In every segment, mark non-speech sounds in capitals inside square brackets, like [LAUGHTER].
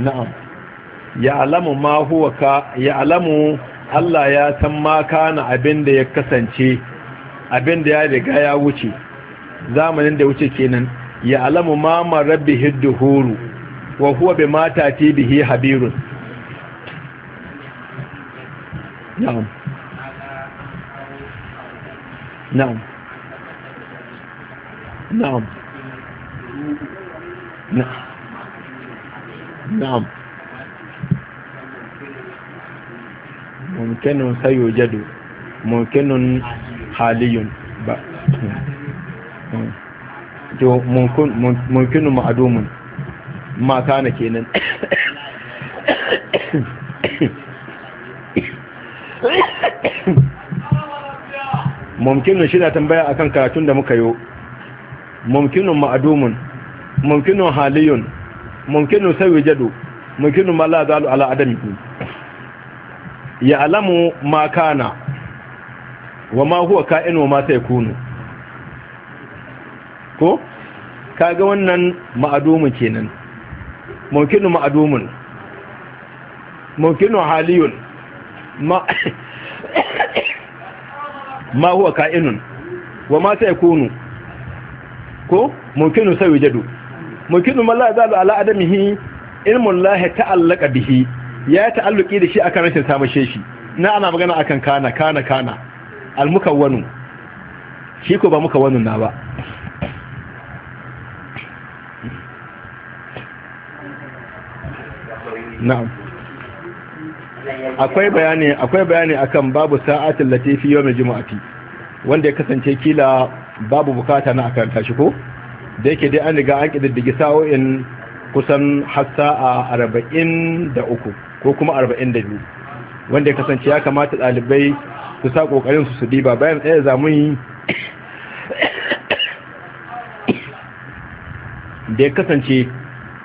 na'am alamu ma huwa ka alamu Allah ya san ma kana abin da ya kasance abin da ya riga ya wuce zamanin da wuce kenan alamu ma marabbihi hidduhuru wa huwa bima ti bihi habirun na'am na'am na'am na'am na'am mumkinun sayujadu mumkinun haliyun ba to hmm. mumkinun ma'adumun kenan mumkinun shi na tambaya akan karatun da muka yi mumkinun ma'adumun mumkinun haliyun mumkinu sayujadu mumkinu ma la zalu ala adami ya alamu ma kana wa ma huwa ka'in wa ma sayakunu ko kaga wannan ma'adumun kenan mumkinu ma'adumun mumkinu haliyun ma [COUGHS] ma huwa ka'inun wa ma sayakunu ko mumkinu sayujadu mukinu man la yazalu ala adamihi ilmun lahi ta'allaka bihi ya ta'alluki da shi akan rashin samashe shi na ana magana akan kana kana kana almukawwanu shi ko ba mukawwanun na ba na'am akwai bayani akwai bayani akan babu sa'atul latifi yawm jumu'ati wanda ya kasance kila babu bukata na akan tashi ko da yake dai an riga an ƙididdigi sa'o'in kusan hassa a arba'in da uku ko kuma arba'in wanda ya kasance ya kamata ɗalibai su sa ƙoƙarin su su diba bayan tsaye yi [COUGHS] da ya kasance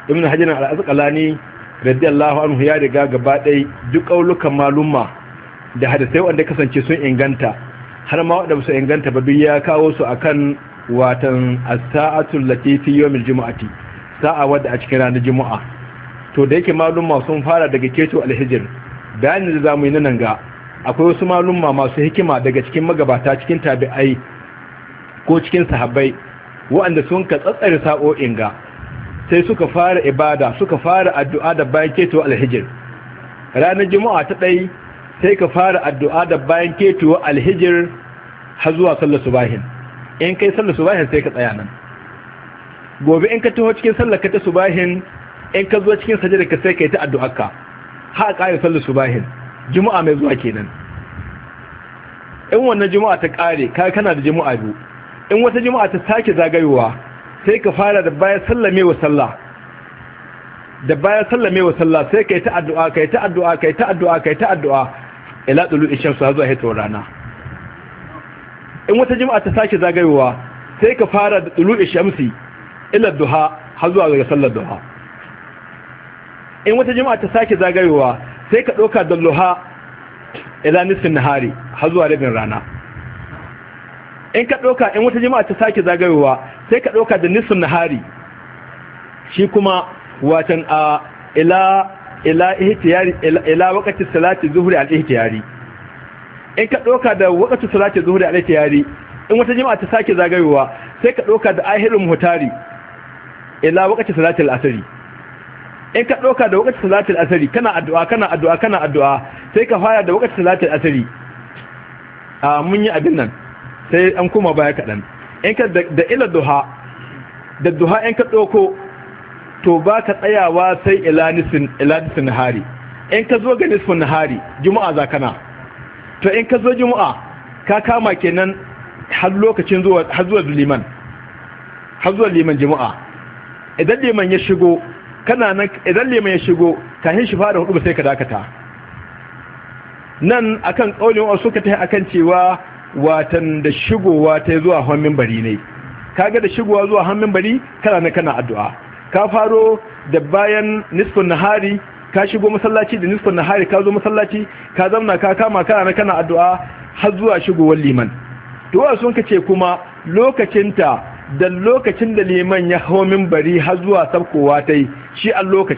ibn hajjin al'azƙalani radiyallahu anhu ya riga gaba ɗai duk ƙaunukan malumma da hadisai wanda kasance sun inganta har ma waɗanda su inganta ba ya kawo su akan watan as-sa'atul lati fi yawmil jumu'ati sa'a wadda a cikin ranar jumu'a to da yake malumma sun fara daga keto al-hijr bayanin da zamu yi nan ga akwai wasu malumma masu hikima daga cikin magabata cikin tabi'ai ko cikin sahabbai waɗanda sun ka tsatsare sa'o'in ga sai suka fara ibada suka fara addu'a da bayan keto al ranar juma'a ta dai sai ka fara addu'a da bayan keto al har zuwa sallar subahin in kai sallar subahin sai ka tsaya nan gobe in ka taho cikin sallar ka ta subahin in ka zo cikin sajada ka sai ka yi ta ka, ha ƙare sallar subahin juma'a mai zuwa kenan in wannan juma'a ta ƙare ka kana da juma'a biyu in wata juma'a ta sake zagayowa sai ka fara da bayan mai sallah da bayan mai sallah sai ka yi ta addu'a ka yi ta addu'a ka yi ta addu'a ka yi ta addu'a ila dulu ishamsu zuwa hito rana in wata jima'a ta sake zagayowa sai ka fara da tulu'i shamsi ila duha har zuwa ga sallar duha in wata jima'a ta sake zagayowa sai ka ɗauka da luha ila nisfin nahari har zuwa rabin rana in ka ɗauka in wata jima'a ta sake zagayowa sai ka ɗauka da nisfin nahari shi kuma watan a ah, ila ila ihtiyari ila waqti salati zuhri al ihtiyari in ka ɗauka da wakatu salati zuhuri alai yari in wata jama'a ta sake zagayowa sai ka ɗauka da ahirul muhtari ila wakati salati al-asri in ka ɗauka da wakati salati al-asri kana addu'a kana addu'a kana addu'a sai ka fara da wakati salati al-asri a mun yi abin nan sai an koma baya kaɗan in ka da ila duha da duha in ka ɗauko to ba ka tsayawa sai ila nisfin hari in ka zo ga nisfin hari juma'a za kana to in ka zo juma'a ka kama kenan har lokacin zuwa har zuwa liman har zuwa liman juma'a idan liman ya shigo kana nan idan liman ya shigo ka hin shi fara hudu sai ka dakata nan akan kaulin wasu ka ta akan cewa watan da shigowa ta zuwa hamin bari ne kaga da shigowa zuwa hamin bari kana nan kana addu'a ka faro da bayan nisfin nahari ka shigo masallaci da na nahari ka zo masallaci ka zauna ka kama kana na kana addu'a har zuwa shigowar liman to wa sun kace kuma lokacinta da lokacin da liman ya hawo minbari har zuwa sabkowa tai shi a lokacin